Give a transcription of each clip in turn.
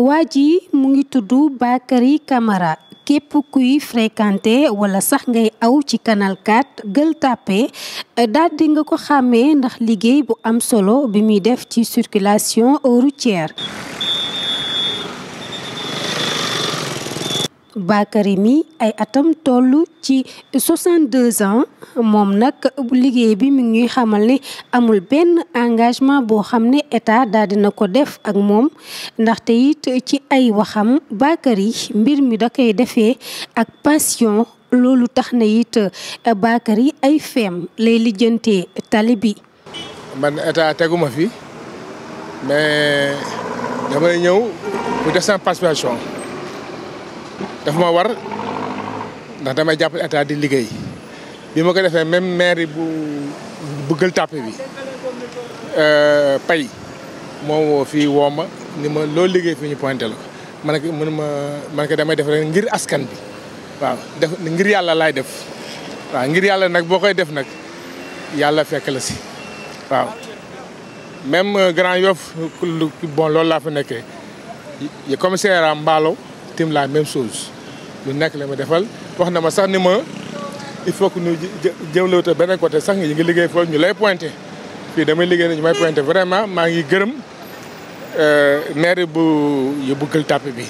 waa ji mu ngi tudd Bakary Camara képp kuy fréquenté wala sax ngay aw ci canal 4 Gueule Tapée nga ko xàmmee ndax liggéey bu am solo bi muy def ci circulation routière Bakary mi ay atam toll ci 62 ans moom nag liggéey bi mi ngi ñuy xamal ni amul benn engagement boo xam ne état daal dina ko def ak moom ndaxte it ci ay waxam Bakary mbir mi da koy defee ak passion loolu tax na it Bakary ay feem lay lijjantee tali bi. man état teguma fi mais damay ñëw pour def sama dafa ma war ndax damay jàpp état di liggéey bi ma ko defee même maire bu bu gël tàppe bi euh, pay moo woo fii woo ma ni ma loo liggéey fii ñu pointé la ma ne mënu ma ma damay def rek ngir askan bi waaw def ngir yàlla laay def waaw ngir yàlla nag boo koy def nag yàlla fekk la si waaw même euh, Grand Yoff bon loolu laa fa nekkee commissaire Mballo victime la même chose lu nekk la ma defal wax na ma sax ni ma il faut que ñu jëwlewte beneen côté sax nga yi ngi liggéey foofu ñu lay pointé fii damay liggéey ne ñu may pointé vraiment maa ngi gërëm euh, maire bu yóbbu Gueule Tapée bi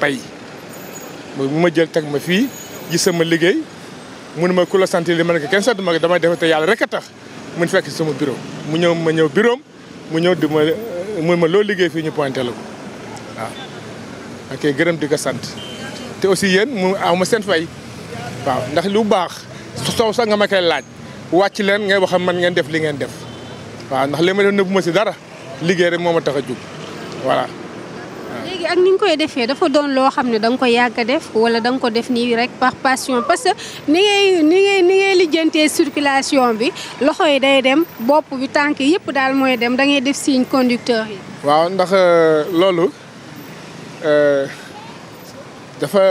pay mu ma jël teg ma fii gis sama liggéey mun ma ku la li ma ne ko kenn sant ma damay defe te yàlla rek a tax mun fekk sama bureau mu ñëw ma ñëw bureau mu ñëw di ma euh, ma loo liggéey fii ñu pointé la ko da koy gërëm di ko sant te aussi yéen mu aw ma seen fay waaw ndax lu baax sow sax nga ma koy laaj wàcc leen ngay wax man ngeen def li ngeen def waaw ndax li ma def nëbbu ma si dara liggéey rek moo ma tax a jóg voilà. ak ni koy defee dafa doon loo xam ne da nga ko yàgg a def wala da ko def nii rek par parce que ni ngay ni ni ngay lijjantee circulation bi loxo yi day dem bopp bi tànk yëpp daal mooy dem da ngay def signe yi. waaw ndax euh, loolu. Euh, dafa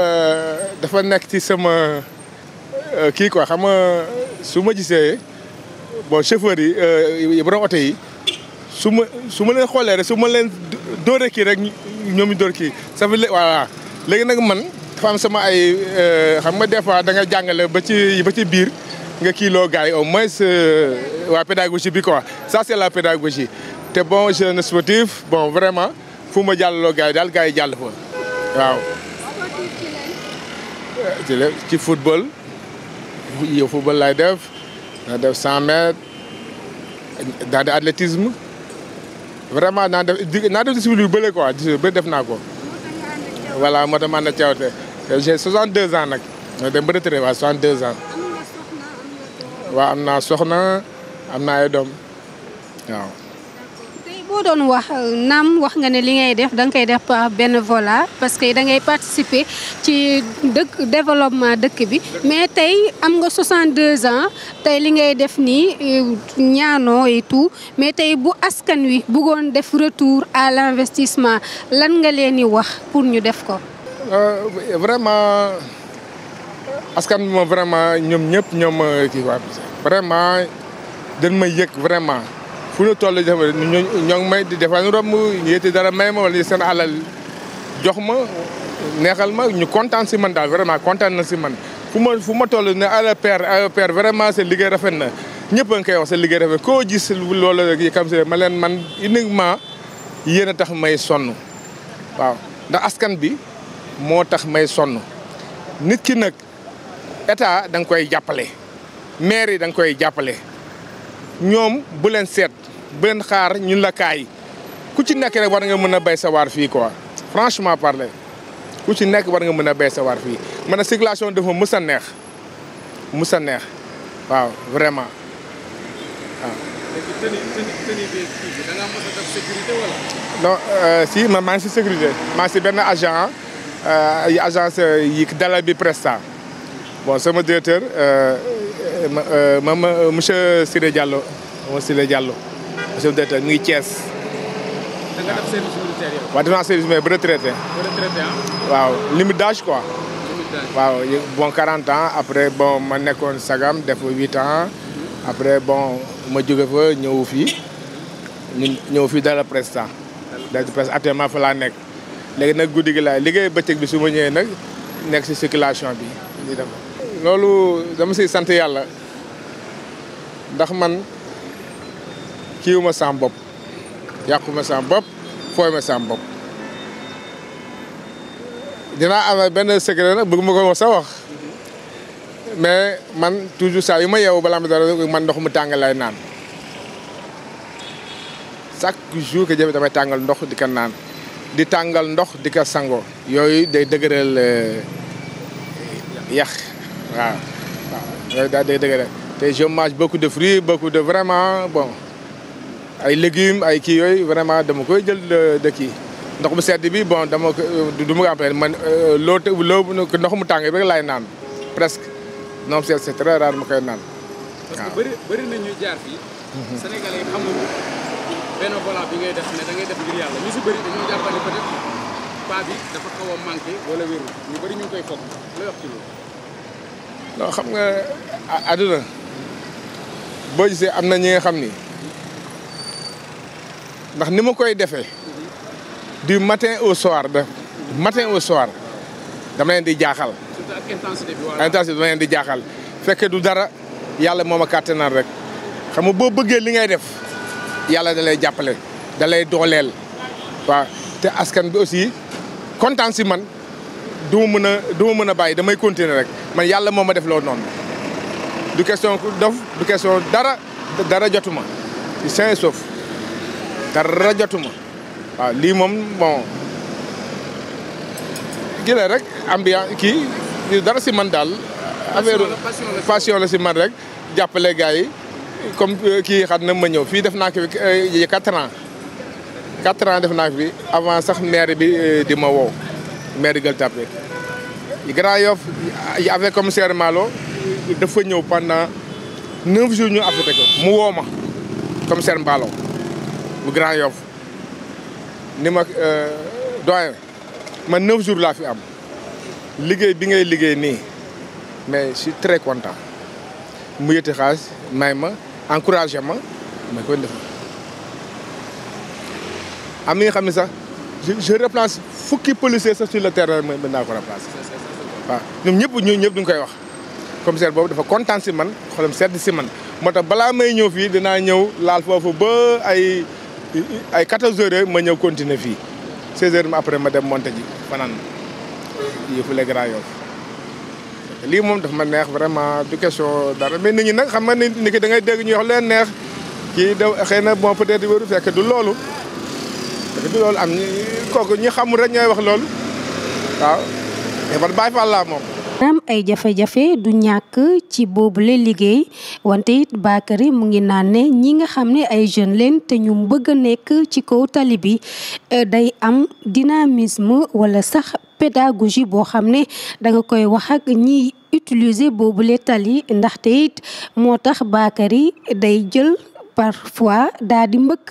dafa nekk ci sama euh, kii quoi xam nga su ma gisee boo chauffeur yi euh, borom oto yi su ma su ma leen xoolee rek su ma leen dóoree kii rek ñoom ñu dóor kii ça fait léegi nag man dafa am sama ay xam nga des fois da nga jàngale ba ci ba ci biir nga kiiloo gars yi au moins waa pédagogie bi quoi ça c'est la pédagogie te bon jeune sportif bon vraiment fu ma jàllaloo gars daal gars yi jàll waaw. ci la ci football football laay def naa def cent mètres naa def athlétisme vraiment naa def naa def discipline yu bële quoi discipline bële def naa ko. voilà moo tax ma ànd ak caawte j'ai 62 ans nag ma dem ba retraité waaw 62 ans waaw am naa soxna am na ay waaw. ko doon wax euh, naam wax nga ne li ngay def da nga koy def par euh, bénévolat parce que da ngay participer ci dëkk développement dëkk bi mais tey am nga deux ans tey li ngay def nii euh, ñaanoo et tout mais tey bu askan wi bëggoon def retour à l'investissement lan nga leen di wax pour ñu def ko. vraiment askan bi moom vraiment ñoom ñëpp ñoom kii quoi ma yëg vraiment. fu ñu toll dafa ñu ñoo ngi may di defal ñu romb yéete dara may ma wala seen alal jox ma neexal ma ñu kontaan si man daal vraiment kontaan na si man. fu ma fu ma toll ne ala père ala père vraiment sa liggéey rafet na ñëpp a ngi koy wax sa liggéey rafet koo gis loolu rek yi comme ma leen man uniquement yéen a tax may sonn waaw ndax askan bi moo tax may sonn nit ki nag état da nga koy jàppale maire yi da nga koy jàppale ñoom bu leen seet. benn xaar ñun la kaay ku ci nekk rek war nga mën a bay sa waar fii quoi franchement parler ku ci nekk war nga mën a béy sa waar fii man a circulation dafa mës sa neex mës a neex waaw vraiment waaw. Euh, si man maa ngi si sécurité maa si benn agent euh, ay agence euh, yi dalal bi Presta bon sama directeur ma ma monsieur Siré Diallo monsieur jàlloo monsieur le directeur mi ngi Thiès. da nga service militaire mais ba retraité. ba ah. waaw limite d'âge quoi. waaw bon quarante ans après bon ma nekkoon Sagam def 8 ans. après bon ma jóge fa ñëw fii. ñu ñëw fii dala presta. dala presta actuellement fa laa nekk. léegi nag guddi gi laay liggéey bëccëg bi su ma ñëwee nag nekk si circulation bi. loolu dama siy sant yàlla ndax man. kiiwu ma sam bopp yàqu ma sam bopp fooy ma bopp dinaa am benn secret nag bëgg ko wax wax mais man toujours saa yu ma yeewu balaa ma dara man ndox mu tàng naan chaque jour que jëfe damay tàngal ndox di ko naan di tàngal ndox di ko sangoo yooyu day dëgëral eh, yàq waaw yooyu daal day dëgëral te je mange beaucoup de fruits beaucoup de vraiment bon ay légumes ay kii yooyu vraiment dama koy jël euh, de kii ndox bu sedd bi bon dama ko euh, du ma ko man euh, loo loo ndox mu tàng rek laay naan presque non c' est très rare ma koy naan waaw. na ñuy mhm. bi dafa xaw a manqué wala wéru ñu bëri ñu ngi koy foog lay wax ci loolu. xam nga àdduna boo gisee am na ñi nga xam ni. ndax ni ma koy defee du matin au soir de matin au soir dama di jaaxal. ak intensité di jaaxal fekke du dara yàlla moo ma kàttanal rek xam nga boo bëggee li ngay def yàlla da lay jàppale da lay dooleel waaw te askan bi aussi kontaan si man du ma mën a du mën a bàyyi damay continuer rek man yàlla moom ma def loo noonu du question dof du question dara dara jotuma ci sain sauf dara jotuma waaw lii moom bon kii rek ambiance kii dara si man daal. affaire passion la si man rek jàppale gars yi comme euh, kii xam ma ñëw fii def naa ko fi euh, quatre ans quatre ans def naa ko fi avant sax maire bi euh, di ma woo maire Gueule Tapée Grand Yoff avec commissaire Malo dafa ñëw pendant neuf jours ñu affecté ko mu woo Mbalo bu Grand Yoff ni ma euh, doyen man neuf jours laa fi am liggéey bi ngay liggéey nii mais je suis très content mu yëti xaalis may ma encouragé ma ma koy def am na xam ne sax je replace fukki policier sax sur le terrain mën naa ko remplacer waaw ñoom ñëpp ñëpp duñ koy wax commissaire boobu dafa kontaan si man xolam sedd si man moo tax balaa may ñëw fii dinaa ñëw laal foofu ba ay ay 14 heures yooyu ma ñëw continuer fii 16 heures après ma dem monté ji fanaan yëfu la Grand Yoff lii moom daf ma neex vraiment du question dara mais nit ñi nag xam nga ni nit ki da ngay dégg ñuy wax leen neex kii da xëy na bon peut-être wéru fekk du loolu fekk du loolu am kooku ñi xamul rek ñooy wax loolu waaw mais man Baay Faal moom naam ay jafe-jafe du ñàkk ci boobu boobule liggéey wante it Bakary mu ngi naan ne ñi nga xam ne ay jeune leen te ñu bëgg a nekk ci kaw tali bi euh, day am dynamisme wala sax pédagogie boo xam ne da koy wax ak ñiy utiliser boobule tali ndaxte it moo tax Bakary day jël parfois daa di mbëkk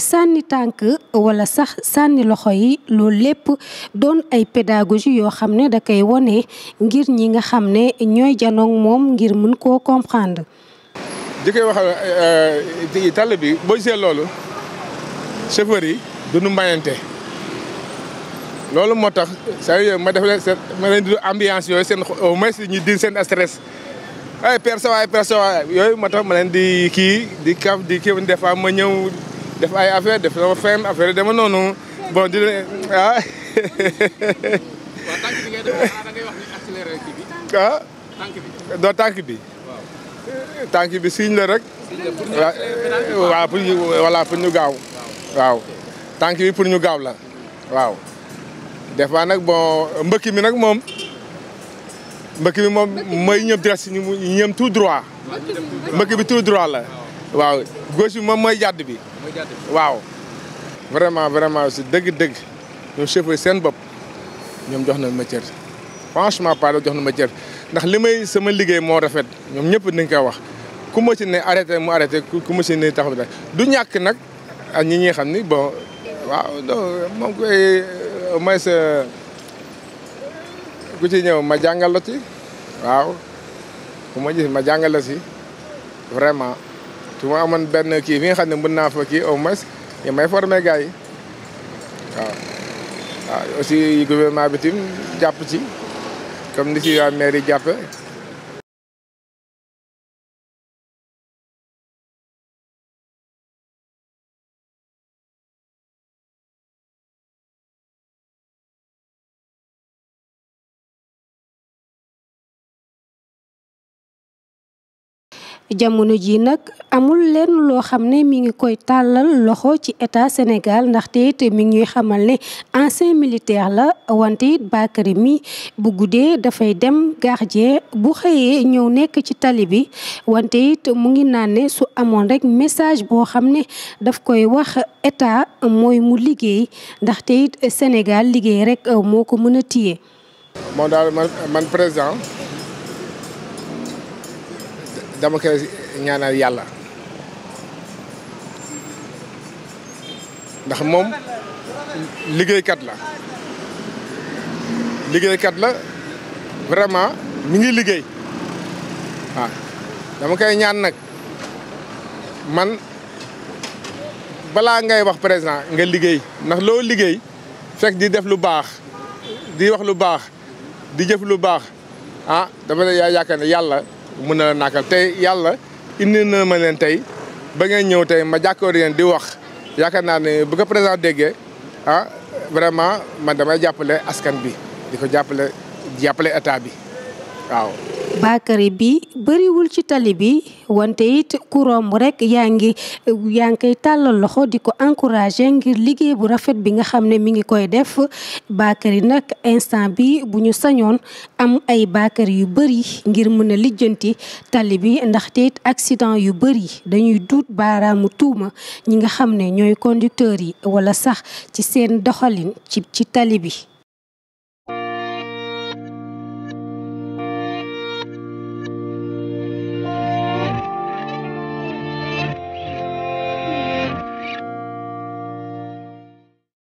sànni tànk wala sax sànni loxo yi loolu lépp doon ay pédagogie yoo xam ne da koy wone ngir ñi nga xam ne ñooy janoog moom ngir mun koo comprendre. di koy waxal eh, eh, tàll bi boo gisee loolu chauffeur yi duñu mbayante loolu moo tax cest à ma def leen ma leen di ambiance yooyu seen au moins ñu di seen stress. ay perso waay perso yooyu moo tax ma leen di kii di kaf di kii des fois ma ñëw. def ay affaire def affaire dama noonu bon di leen ah. tànk bi ngay def ah, ah? tànk bi doo tànk la rek. waaw pour ñu gaaw. waaw tànk bi pour ñu gaaw la waaw. des nag bon mbëkk mi nag moom mbëkk mi moom mooy ñëm direct ñu ñëm tout droit. mbëkk bi tout droit la. waaw gauche bi moom mooy jàdd bi. waaw. vraiment vraiment si dëgg-dëgg ñoom chauffeur seen bopp ñoom jox na ma cër franchement Pader jox na ma cër ndax li may sama liggéey moo rafet ñoom ñëpp dañ koy wax ku ma ci ne arrêté mu arrêté ku ma ci ne taxaw bi du ñàkk nag ak ñi ñuy xam ni boo waaw non moom koy au moins euh, ku ci ñëw ma jàngal la ci waaw ku ma gis ma jàngal la si vraiment. su ma amoon benn kii bi nga xam ne mën naa fa kii au moins ñu may formé gaay yi waaw. waaw aussi gouvernement bi tim jàpp ci comme ni ci waa maire yi jàppe jamono ji nag amul lenn loo xam ne mi ngi koy tàllal loxo ci état Sénégal ndaxte it mi ngi xamal ne ancien militaire la wante it Bakary mi bu guddee dafay dem gardien bu xëyee ñëw nekk ci tali bi wante it mu ngi naan ne su amoon rek message boo xam ne daf koy wax état mooy mu liggéey ndaxte it Sénégal liggéey rek moo ko mën a téye. moo daal man man dama koy ñaanal yàlla ndax moom liggéeykat la liggéeykat la vraiment mi ngi liggéey waaw dama koy ñaan nag man balaa ngay wax président nga liggéey ndax loo liggéey fekk di def lu baax di wax lu baax di jëf lu baax ah dama la yaakaar ne yàlla mën a nakal tey yàlla indi na ma leen tey ba ngeen ñëw tey ma jàkkoor yeen di wax yaakaar naa ne bu ko président déggee ah vraiment man damay jàppale askan bi di ko jàppale jàppale état bi waaw Bakary bi bëriwul ci tali bi wante it ku romb rek yaa ngi yaa ngi koy tàllal loxo di ko encourager ngir liggéey bu rafet bi nga xam ne mi ngi koy def Bakary nag instant bi bu ñu sañoon am ay Bakary yu bëri ngir mën a lijjanti tali bi ndaxte it accident yu bëri dañuy duut baaraamu tuuma ñi nga xam ne ñooy conducteurs yi wala sax ci seen doxalin ci ci tali bi